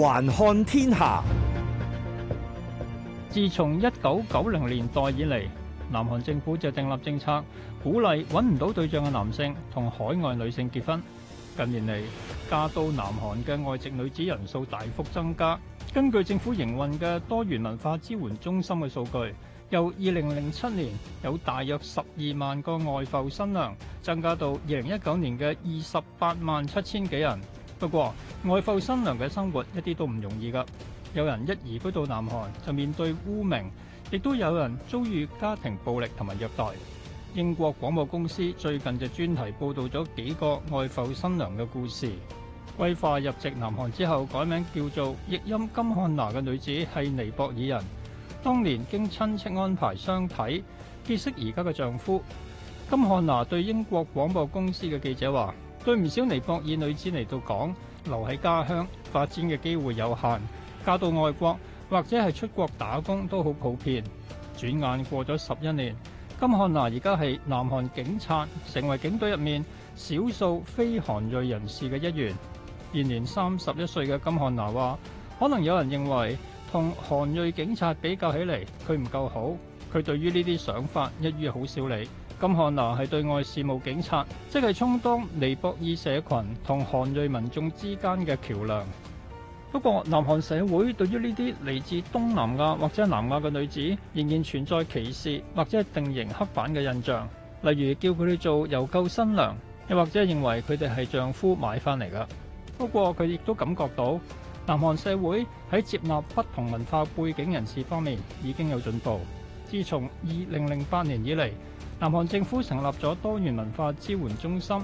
環看天下。自從一九九零年代以嚟，南韓政府就訂立政策，鼓勵揾唔到對象嘅男性同海外女性結婚。近年嚟，嫁到南韓嘅外籍女子人數大幅增加。根據政府營運嘅多元文化支援中心嘅數據，由二零零七年有大約十二萬個外埠新娘，增加到二零一九年嘅二十八萬七千幾人。不過，外埠新娘嘅生活一啲都唔容易㗎。有人一移居到南韓就面對污名，亦都有人遭遇家庭暴力同埋虐待。英國廣播公司最近就專題報導咗幾個外埠新娘嘅故事。歸化入籍南韓之後，改名叫做譯音金漢娜嘅女子係尼泊爾人，當年經親戚安排相睇，結識而家嘅丈夫。金漢娜對英國廣播公司嘅記者話。對唔少尼泊爾女子嚟到講，留喺家鄉發展嘅機會有限，嫁到外國或者係出國打工都好普遍。轉眼過咗十一年，金漢娜而家係南韓警察，成為警隊入面少數非韓裔人士嘅一員。現年三十一歲嘅金漢娜話，可能有人認為同韓裔警察比較起嚟，佢唔夠好。佢對於呢啲想法一於好少理。金漢娜係對外事務警察，即係充當尼泊爾社群同韓裔民眾之間嘅橋梁。不過，南韓社會對於呢啲嚟自東南亞或者南亞嘅女子，仍然存在歧視或者定型黑板嘅印象，例如叫佢哋做郵購新娘，又或者認為佢哋係丈夫買翻嚟噶。不過，佢亦都感覺到南韓社會喺接納不同文化背景人士方面已經有進步。自從二零零八年以嚟，南韓政府成立咗多元文化支援中心。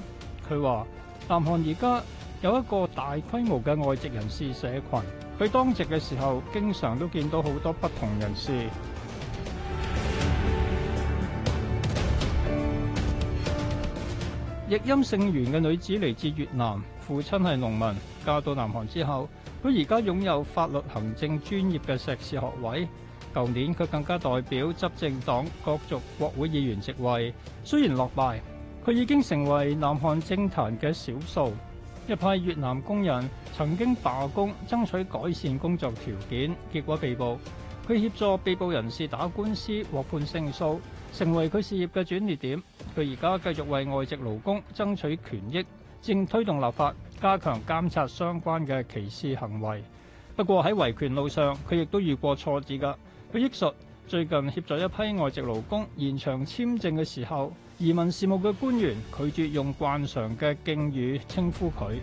佢話：南韓而家有一個大規模嘅外籍人士社群。佢當值嘅時候，經常都見到好多不同人士。亦音姓袁嘅女子嚟自越南，父親係農民。嫁到南韓之後，佢而家擁有法律行政專業嘅碩士學位。舊年佢更加代表執政黨角逐國會議員席位，雖然落敗，佢已經成為南韓政壇嘅少數。一派越南工人曾經罷工爭取改善工作條件，結果被捕。佢協助被捕人士打官司，獲判勝訴。成為佢事業嘅轉捩點。佢而家繼續為外籍勞工爭取權益，正推動立法，加強監察相關嘅歧視行為。不過喺維權路上，佢亦都遇過挫折㗎。佢憶述，最近協助一批外籍勞工延長簽證嘅時候，移民事務嘅官員拒絕用慣常嘅敬語稱呼佢。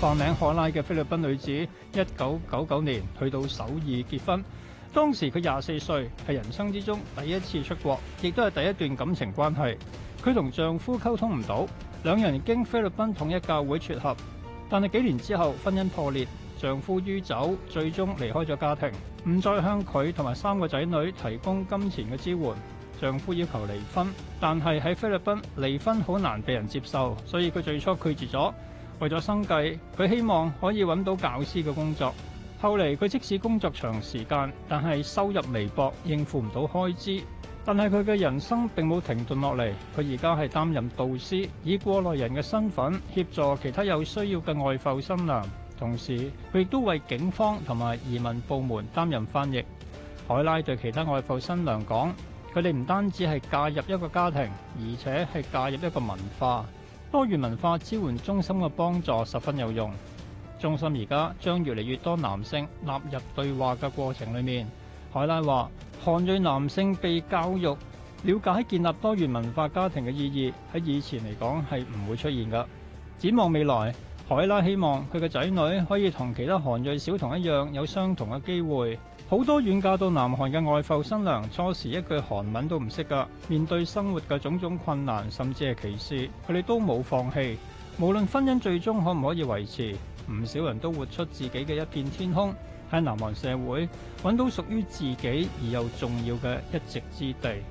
化名可拉嘅菲律賓女子，一九九九年去到首爾結婚，當時佢廿四歲，係人生之中第一次出國，亦都係第一段感情關係。佢同丈夫溝通唔到，兩人經菲律賓統一教會撮合，但係幾年之後婚姻破裂，丈夫於走，最終離開咗家庭，唔再向佢同埋三個仔女提供金錢嘅支援。丈夫要求離婚，但係喺菲律賓離婚好難被人接受，所以佢最初拒絕咗。為咗生計，佢希望可以揾到教師嘅工作。後嚟佢即使工作長時間，但係收入微薄，應付唔到開支。但係佢嘅人生並冇停頓落嚟。佢而家係擔任導師，以過來人嘅身份協助其他有需要嘅外埠新娘。同時，佢亦都為警方同埋移民部門擔任翻譯。海拉對其他外埠新娘講：佢哋唔單止係嫁入一個家庭，而且係嫁入一個文化。多元文化支援中心嘅幫助十分有用，中心而家將越嚟越多男性納入對話嘅過程裏面。海拉話，韓裔男性被教育了解在建立多元文化家庭嘅意義喺以前嚟講係唔會出現噶。展望未來，海拉希望佢嘅仔女可以同其他韓裔小童一樣有相同嘅機會。好多遠嫁到南韓嘅外埠新娘，初時一句韓文都唔識㗎。面對生活嘅種種困難，甚至係歧視，佢哋都冇放棄。無論婚姻最終可唔可以維持，唔少人都活出自己嘅一片天空。喺南韓社會，揾到屬於自己而又重要嘅一席之地。